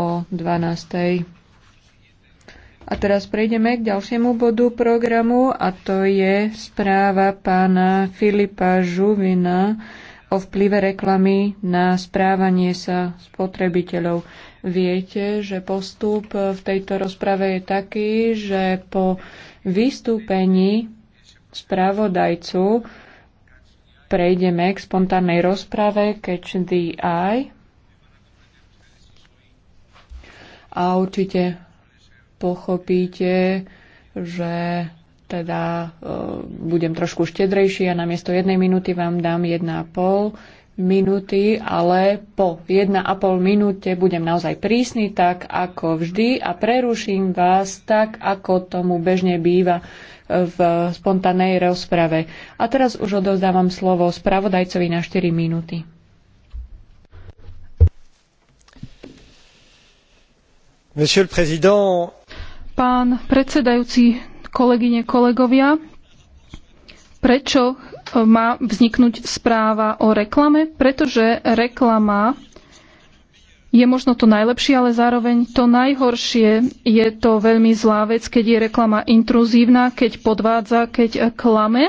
o 12. A teraz prejdeme k ďalšiemu bodu programu a to je správa pána Filipa Žuvina o vplyve reklamy na správanie sa spotrebiteľov. Viete, že postup v tejto rozprave je taký, že po vystúpení spravodajcu prejdeme k spontánnej rozprave Catch the Eye a určite pochopíte, že teda e, budem trošku štedrejší a namiesto jednej minúty vám dám 1,5 minúty, ale po 1,5 minúte budem naozaj prísny, tak ako vždy a preruším vás tak, ako tomu bežne býva e, v spontanej rozprave. A teraz už odovzdávam slovo spravodajcovi na 4 minúty. Pán predsedajúci, kolegyne, kolegovia, prečo e, má vzniknúť správa o reklame? Pretože reklama je možno to najlepšie, ale zároveň to najhoršie. Je to veľmi zlá vec, keď je reklama intruzívna, keď podvádza, keď e, klame,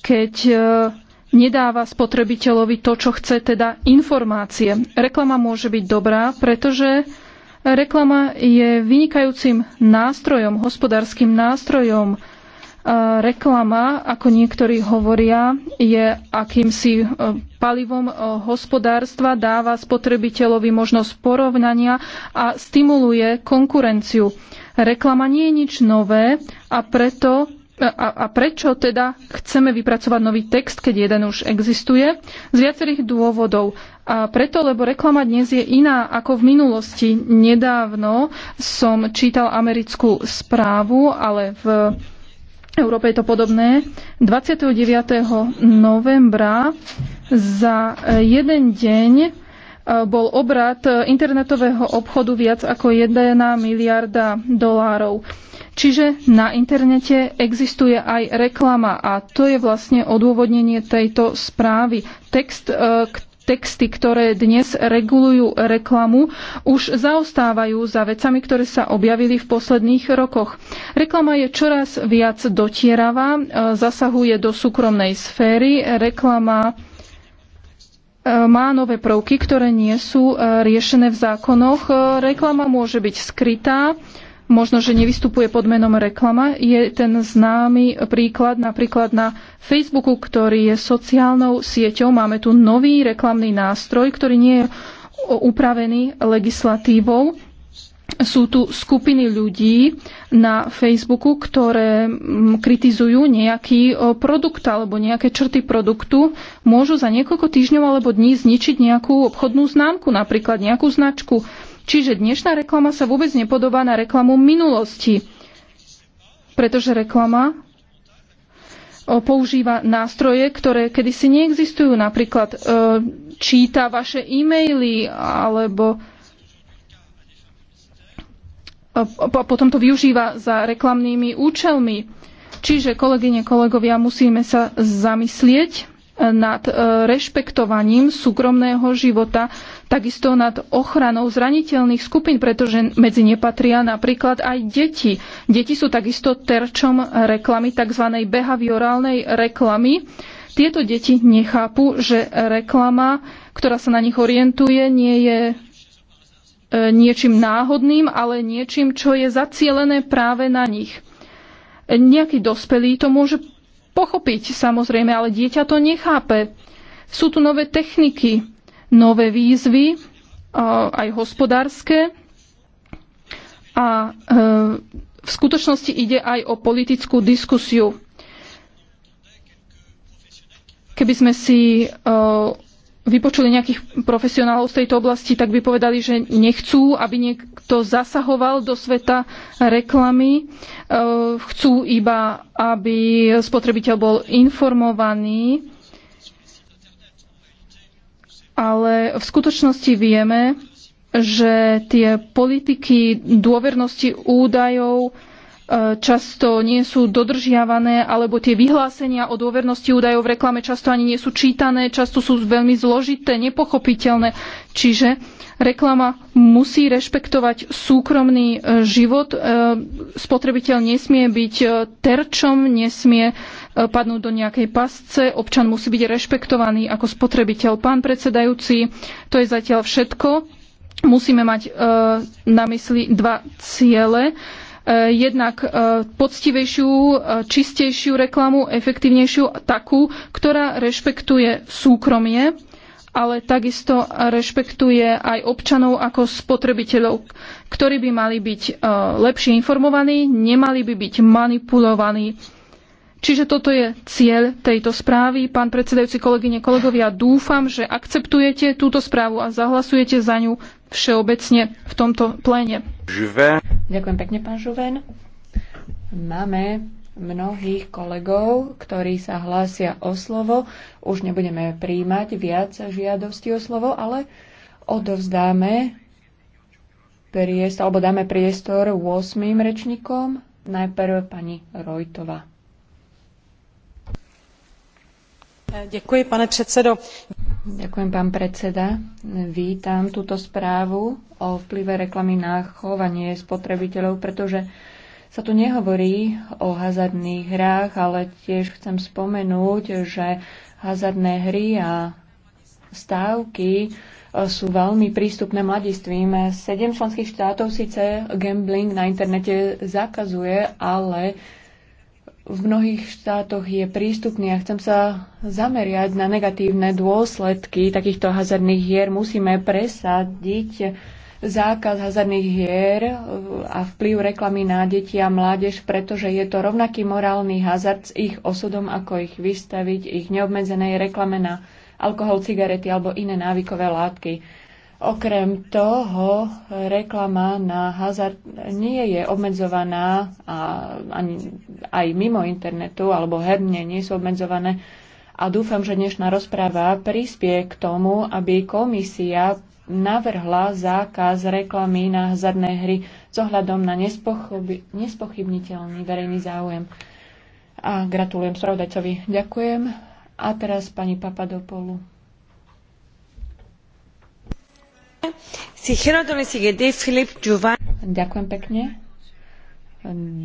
keď e, nedáva spotrebiteľovi to, čo chce, teda informácie. Reklama môže byť dobrá, pretože reklama je vynikajúcim nástrojom, hospodárskym nástrojom. Reklama, ako niektorí hovoria, je akýmsi e, palivom e, hospodárstva, dáva spotrebiteľovi možnosť porovnania a stimuluje konkurenciu. Reklama nie je nič nové a preto a, a prečo teda chceme vypracovať nový text, keď jeden už existuje? Z viacerých dôvodov. A preto, lebo reklama dnes je iná ako v minulosti. Nedávno som čítal americkú správu, ale v Európe je to podobné. 29. novembra za jeden deň e, bol obrat internetového obchodu viac ako 1 miliarda dolárov. Čiže na internete existuje aj reklama a to je vlastne odôvodnenie tejto správy. Text, e, texty, ktoré dnes regulujú reklamu, už zaostávajú za vecami, ktoré sa objavili v posledných rokoch. Reklama je čoraz viac dotieravá, e, zasahuje do súkromnej sféry. Reklama e, má nové prvky, ktoré nie sú riešené v zákonoch. Reklama môže byť skrytá, možno, že nevystupuje pod menom reklama. Je ten známy príklad napríklad na Facebooku, ktorý je sociálnou sieťou. Máme tu nový reklamný nástroj, ktorý nie je upravený legislatívou. Sú tu skupiny ľudí na Facebooku, ktoré mm, kritizujú nejaký produkt alebo nejaké črty produktu. Môžu za niekoľko týždňov alebo dní zničiť nejakú obchodnú známku, napríklad nejakú značku Čiže dnešná reklama sa vôbec nepodobá na reklamu minulosti, pretože reklama používa nástroje, ktoré kedysi neexistujú. Napríklad e, číta vaše e-maily alebo e, a potom to využíva za reklamnými účelmi. Čiže, kolegyne, kolegovia, musíme sa zamyslieť nad e, rešpektovaním súkromného života, takisto nad ochranou zraniteľných skupín, pretože medzi nepatria napríklad aj deti. Deti sú takisto terčom reklamy, tzv. behaviorálnej reklamy. Tieto deti nechápu, že reklama, ktorá sa na nich orientuje, nie je e, niečím náhodným, ale niečím, čo je zacielené práve na nich. Nejaký dospelý to môže pochopiť samozrejme, ale dieťa to nechápe. Sú tu nové techniky, nové výzvy, e, aj hospodárske. A e, v skutočnosti ide aj o politickú diskusiu. Keby sme si e, vypočuli nejakých profesionálov z tejto oblasti, tak by povedali, že nechcú, aby niekto zasahoval do sveta reklamy. E, chcú iba, aby spotrebiteľ bol informovaný. Ale v skutočnosti vieme, že tie politiky dôvernosti údajov často nie sú dodržiavané, alebo tie vyhlásenia o dôvernosti údajov v reklame často ani nie sú čítané, často sú veľmi zložité, nepochopiteľné. Čiže reklama musí rešpektovať súkromný e, život. E, spotrebiteľ nesmie byť e, terčom, nesmie padnúť do nejakej pasce. Občan musí byť rešpektovaný ako spotrebiteľ. Pán predsedajúci, to je zatiaľ všetko. Musíme mať na mysli dva ciele Eh, jednak eh, poctivejšiu, eh, čistejšiu reklamu, efektívnejšiu, takú, ktorá rešpektuje súkromie, ale takisto rešpektuje aj občanov ako spotrebiteľov, ktorí by mali byť lepšie informovaní, nemali by byť manipulovaní Čiže toto je cieľ tejto správy. Pán predsedajúci, kolegyne, kolegovia, dúfam, že akceptujete túto správu a zahlasujete za ňu všeobecne v tomto pléne. Živé. Ďakujem pekne, pán Žuven. Máme mnohých kolegov, ktorí sa hlásia o slovo. Už nebudeme príjmať viac žiadosti o slovo, ale odovzdáme priestor, alebo dáme priestor 8 rečníkom. Najprv pani Rojtova. Ďakujem, pán predseda. Vítam túto správu o vplyve reklamy na chovanie spotrebiteľov, pretože sa tu nehovorí o hazardných hrách, ale tiež chcem spomenúť, že hazardné hry a stávky e, sú veľmi prístupné mladistvím. Sedem členských štátov síce gambling na internete zakazuje, ale v mnohých štátoch je prístupný a chcem sa zameriať na negatívne dôsledky takýchto hazardných hier. Musíme presadiť zákaz hazardných hier a vplyv reklamy na deti a mládež, pretože je to rovnaký morálny hazard s ich osudom, ako ich vystaviť ich neobmedzenej reklame na alkohol, cigarety alebo iné návykové látky. Okrem toho, reklama na hazard nie je obmedzovaná a, ani, aj mimo internetu alebo herne nie sú obmedzované. A dúfam, že dnešná rozpráva prispie k tomu, aby komisia navrhla zákaz reklamy na hazardné hry s ohľadom na nespochybniteľný verejný záujem. A gratulujem spravodajcovi. Ďakujem. A teraz pani Papadopolu. Ďakujem pekne.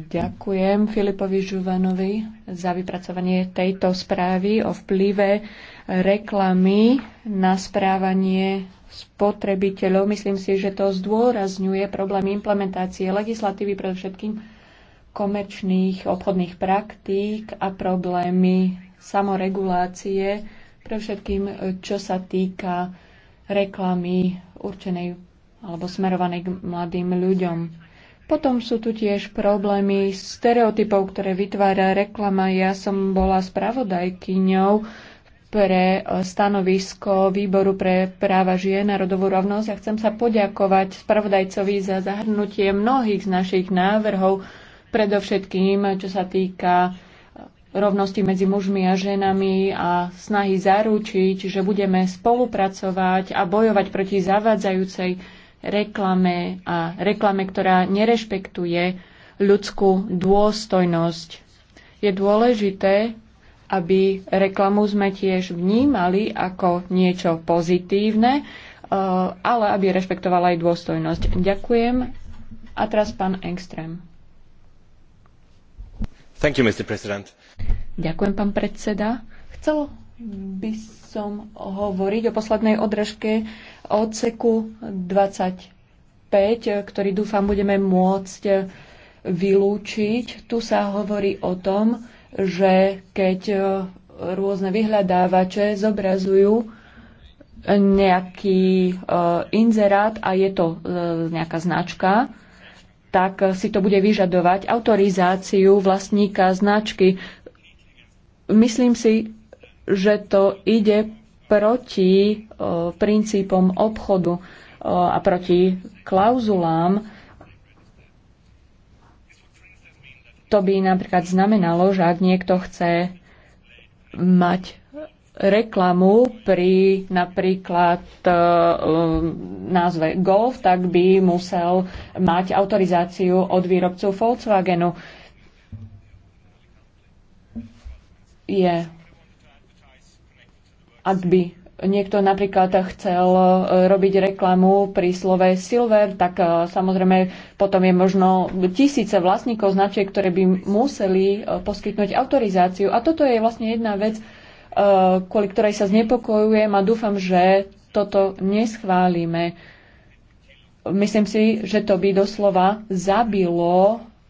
Ďakujem Filipovi Žuvanovi za vypracovanie tejto správy o vplyve reklamy na správanie spotrebiteľov. Myslím si, že to zdôrazňuje problém implementácie legislatívy, predovšetkým komerčných obchodných praktík a problémy samoregulácie, predovšetkým čo sa týka reklamy určenej alebo smerovaný k mladým ľuďom. Potom sú tu tiež problémy stereotypov, ktoré vytvára reklama. Ja som bola spravodajkyňou pre e, stanovisko Výboru pre práva žien a rodovú rovnosť a chcem sa poďakovať spravodajcovi za zahrnutie mnohých z našich návrhov, predovšetkým čo sa týka e, rovnosti medzi mužmi a ženami a snahy zaručiť, že budeme spolupracovať a bojovať proti zavádzajúcej reklame a reklame, ktorá nerešpektuje ľudskú dôstojnosť. Je dôležité, aby reklamu sme tiež vnímali ako niečo pozitívne, e, ale aby rešpektovala aj dôstojnosť. Ďakujem. A teraz pán Engström. Thank you, Mr. President. Ďakujem, pán predseda. Chcel by som hovoriť o poslednej odrežke odseku 25, ktorý dúfam budeme môcť vylúčiť. Tu sa hovorí o tom, že keď rôzne vyhľadávače zobrazujú nejaký e, inzerát a je to e, nejaká značka, tak si to bude vyžadovať autorizáciu vlastníka značky. Myslím si, že to ide proti e, princípom obchodu e, a proti klauzulám. To by napríklad znamenalo, že ak niekto chce mať reklamu pri napríklad uh, názve Golf, tak by musel mať autorizáciu od výrobcu Volkswagenu. Je ak by niekto napríklad chcel e, robiť reklamu pri slove silver, tak e, samozrejme potom je možno tisíce vlastníkov značiek, ktoré by museli e, poskytnúť autorizáciu. A toto je vlastne jedna vec, kvôli ktorej sa znepokojujem a dúfam, že toto neschválime. Myslím si, že to by doslova zabilo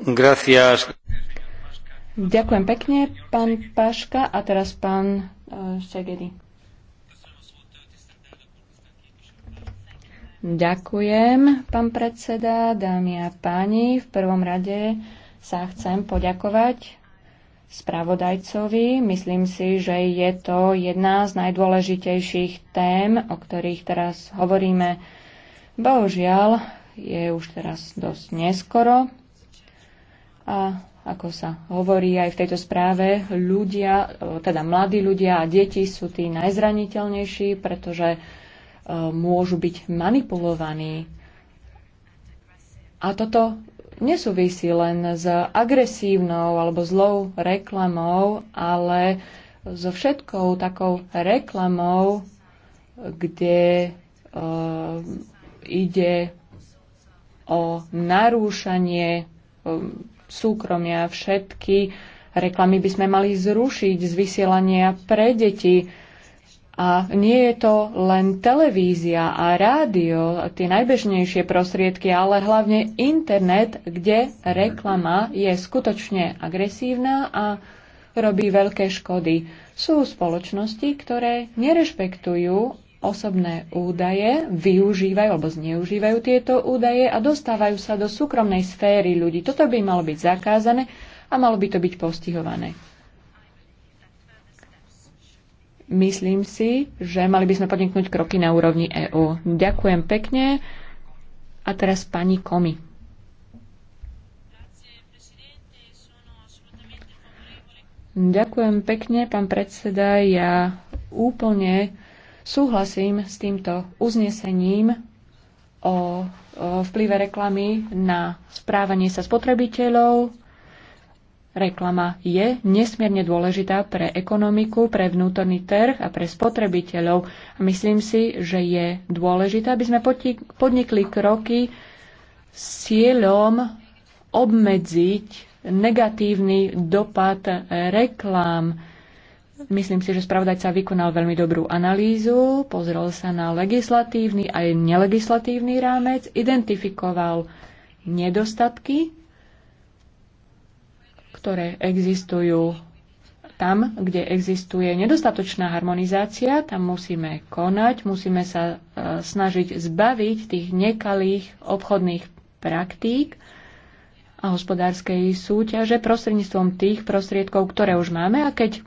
Gracias. Ďakujem pekne, pán Paška. A teraz pán e, Šegedy. Ďakujem, pán predseda, dámy a páni. V prvom rade sa chcem poďakovať spravodajcovi. Myslím si, že je to jedna z najdôležitejších tém, o ktorých teraz hovoríme. Bohužiaľ, je už teraz dosť neskoro. A ako sa hovorí aj v tejto správe, ľudia, teda mladí ľudia a deti sú tí najzraniteľnejší, pretože e, môžu byť manipulovaní. A toto nesúvisí len s agresívnou alebo zlou reklamou, ale so všetkou takou reklamou, kde uh, ide o narúšanie um, súkromia. Všetky reklamy by sme mali zrušiť z vysielania pre deti. A nie je to len televízia a rádio, tie najbežnejšie prostriedky, ale hlavne internet, kde reklama je skutočne agresívna a robí veľké škody. Sú spoločnosti, ktoré nerešpektujú osobné údaje, využívajú alebo zneužívajú tieto údaje a dostávajú sa do súkromnej sféry ľudí. Toto by malo byť zakázané a malo by to byť postihované. Myslím si, že mali by sme podniknúť kroky na úrovni EÚ. Ďakujem pekne. A teraz pani Komi. Ďakujem pekne, pán predseda. Ja úplne Súhlasím s týmto uznesením o vplyve reklamy na správanie sa spotrebiteľov. Reklama je nesmierne dôležitá pre ekonomiku, pre vnútorný trh a pre spotrebiteľov. A myslím si, že je dôležité, aby sme podnikli kroky s cieľom obmedziť negatívny dopad reklám Myslím si, že spravodajca vykonal veľmi dobrú analýzu, pozrel sa na legislatívny aj nelegislatívny rámec, identifikoval nedostatky, ktoré existujú tam, kde existuje nedostatočná harmonizácia, tam musíme konať, musíme sa e, snažiť zbaviť tých nekalých obchodných praktík a hospodárskej súťaže prostredníctvom tých prostriedkov, ktoré už máme a keď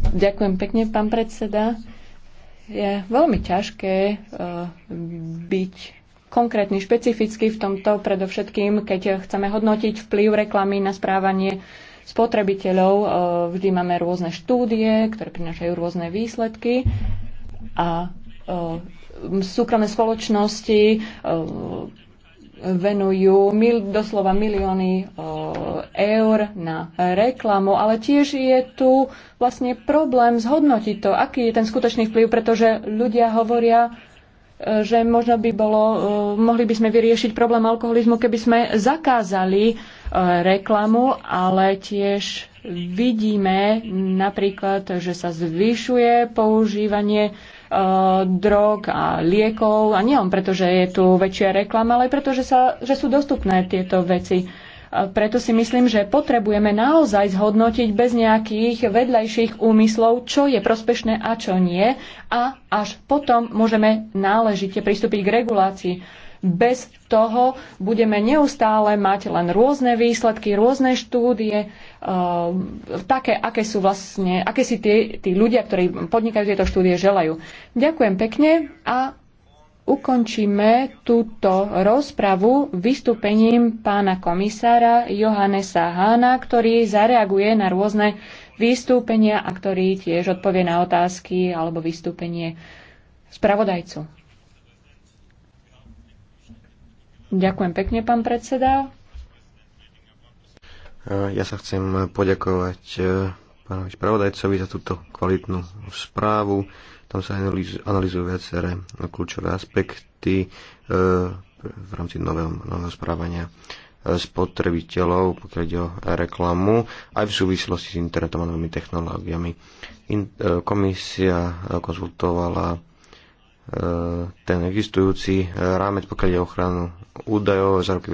Ďakujem pekne, pán predseda. Je veľmi ťažké e, byť konkrétny, špecificky v tomto, predovšetkým, keď chceme hodnotiť vplyv reklamy na správanie spotrebiteľov. E, vždy máme rôzne štúdie, ktoré prinášajú rôzne výsledky a e, súkromné spoločnosti venujú mil, doslova milióny eur na reklamu, ale tiež je tu vlastne problém zhodnotiť to, aký je ten skutočný vplyv, pretože ľudia hovoria, e, že možno by bolo, e, mohli by sme vyriešiť problém alkoholizmu, keby sme zakázali e, reklamu, ale tiež vidíme napríklad, že sa zvyšuje používanie drog a liekov a nielen preto, že je tu väčšia reklama, ale preto, že, sa, že sú dostupné tieto veci. Preto si myslím, že potrebujeme naozaj zhodnotiť bez nejakých vedľajších úmyslov, čo je prospešné a čo nie. A až potom môžeme náležite pristúpiť k regulácii. Bez toho budeme neustále mať len rôzne výsledky, rôzne štúdie, ehm, také, aké sú vlastne, aké si tí, tí ľudia, ktorí podnikajú tieto štúdie, želajú. Ďakujem pekne a ukončíme túto rozpravu vystúpením pána komisára Johannesa Hána, ktorý zareaguje na rôzne vystúpenia a ktorý tiež odpovie na otázky alebo vystúpenie spravodajcu. Ďakujem pekne, pán predseda. Ja sa chcem poďakovať eh, pánovi spravodajcovi za túto kvalitnú správu. Tam sa analizujú viaceré kľúčové aspekty e, v rámci nového, nového správania e, spotrebiteľov, pokiaľ ide o reklamu, aj v súvislosti s internetom a novými technológiami. In, e, komisia konzultovala ten existujúci rámec, pokiaľ ide o ochranu údajov za roky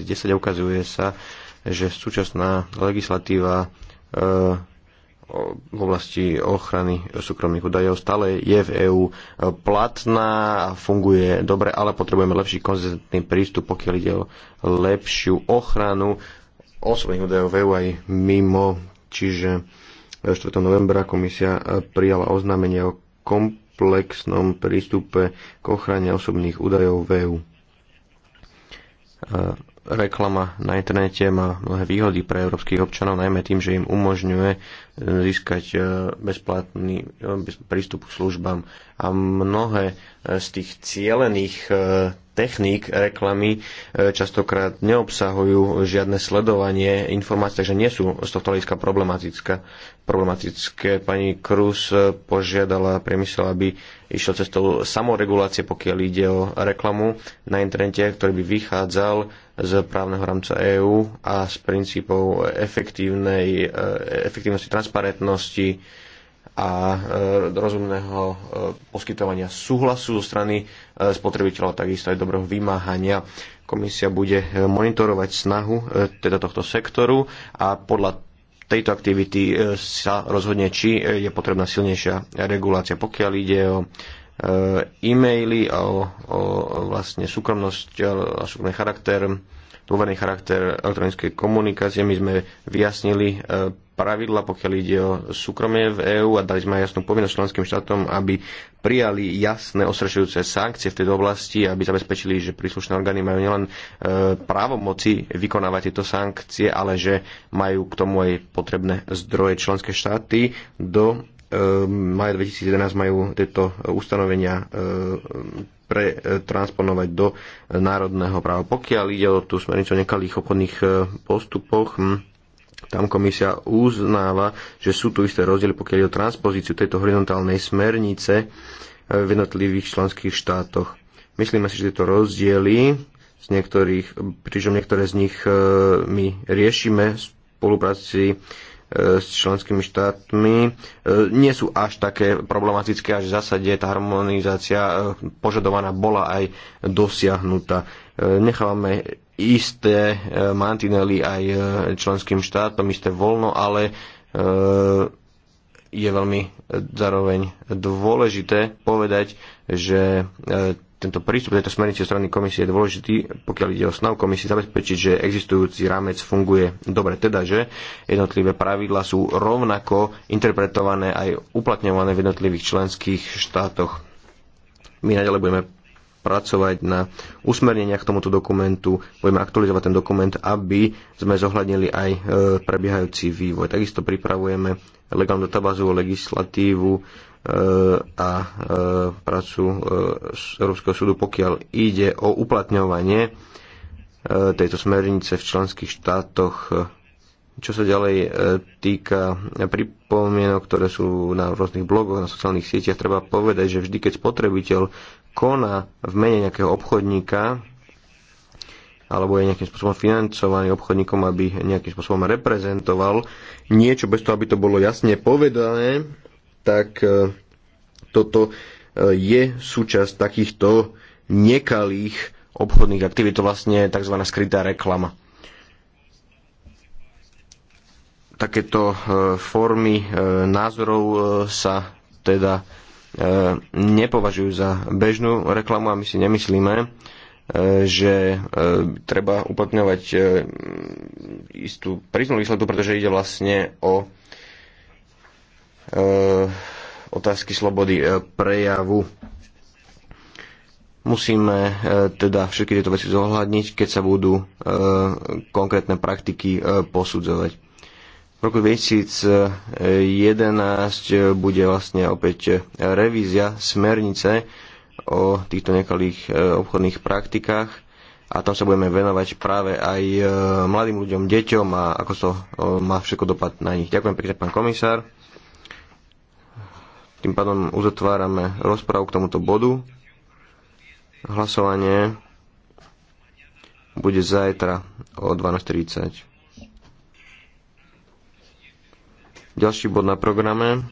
2009-2010, ukazuje sa, že súčasná legislatíva v oblasti ochrany súkromných údajov stále je v EÚ platná a funguje dobre, ale potrebujeme lepší konzistentný prístup, pokiaľ ide o lepšiu ochranu osobných údajov v EÚ aj mimo. Čiže 4. novembra komisia prijala oznámenie o komplexnom prístupe k ochrane osobných údajov v EÚ reklama na internete má mnohé výhody pre európskych občanov, najmä tým, že im umožňuje e, získať e, bezplatný e, prístup k službám. A mnohé z tých cielených techník reklamy častokrát neobsahujú žiadne sledovanie informácií, takže nie sú z tohto hľadiska problematické. Pani Krus požiadala priemysel, aby išiel cestou samoregulácie, pokiaľ ide o reklamu na internete, ktorý by vychádzal z právneho rámca EÚ a z princípov efektívnej, e, efektívnosti, transparentnosti a e, rozumného e, poskytovania súhlasu zo strany spotrebiteľov, takisto aj dobrého vymáhania. Komisia bude monitorovať snahu teda tohto sektoru a podľa tejto aktivity sa rozhodne, či je potrebná silnejšia regulácia. Pokiaľ ide o E, e-maily a o, o vlastne súkromnosť a súkromný charakter, dôverný charakter elektronickej komunikácie. My sme vyjasnili e, pravidla, pokiaľ ide o súkromie v EÚ a dali sme aj jasnú povinnosť členským štátom, aby prijali jasné osrešujúce sankcie v tejto oblasti, aby zabezpečili, že príslušné orgány majú nielen e, právomoci vykonávať tieto sankcie, ale že majú k tomu aj potrebné zdroje členské štáty do Ehm, maja 2011 majú tieto ustanovenia ehm, pretransponovať do národného práva. Pokiaľ ide o tú smernicu o nekalých obchodných e, postupoch, hm, tam komisia uznáva, že sú tu isté rozdiely, pokiaľ ide o transpozíciu tejto horizontálnej smernice e, v jednotlivých členských štátoch. Myslíme si, že tieto rozdiely z niektorých, pričom niektoré z nich e, my riešime v spolupráci s členskými štátmi e, nie sú až také problematické, až v zásade tá harmonizácia e, požadovaná bola aj dosiahnutá. E, nechávame isté mantinely aj členským štátom, isté voľno, ale je veľmi e, zároveň dôležité povedať, že e, tento prístup tejto smernice strany komisie je dôležitý, pokiaľ ide o snahu komisie zabezpečiť, že existujúci rámec funguje dobre, teda že jednotlivé pravidlá sú rovnako interpretované aj uplatňované v jednotlivých členských štátoch. My naďalej budeme pracovať na usmerneniach k tomuto dokumentu, budeme aktualizovať ten dokument, aby sme zohľadnili aj e, prebiehajúci vývoj. Takisto pripravujeme legálnu databázovú legislatívu e, a e, prácu e, Európskeho súdu, pokiaľ ide o uplatňovanie tejto smernice v členských štátoch. Čo sa ďalej týka pripomienok, ktoré sú na rôznych blogoch, na sociálnych sieťach, treba povedať, že vždy, keď spotrebiteľ koná v mene nejakého obchodníka, alebo je nejakým spôsobom financovaný obchodníkom, aby nejakým spôsobom reprezentoval niečo bez toho, aby to bolo jasne povedané, tak e, toto e, je súčasť takýchto nekalých obchodných aktivít, to vlastne tzv. skrytá reklama takéto e, formy názorov sa teda nepovažujú za bežnú reklamu a my si nemyslíme, že e, treba uplatňovať e, istú prísnu výsledku, pretože ide vlastne o e, otázky slobody prejavu. Musíme teda všetky tieto veci zohľadniť, keď sa budú konkrétne praktiky posudzovať. V roku 2011 bude vlastne opäť revízia smernice o týchto nekalých e, obchodných praktikách a tam sa budeme venovať práve aj e, mladým ľuďom, deťom a ako to e, má všetko dopad na nich. Ďakujem pekne, pán komisár. Tým pádom uzatvárame rozprávu k tomuto bodu. Hlasovanie bude zajtra o 12.30. Ďalší bod na programe.